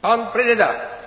Pan Preda.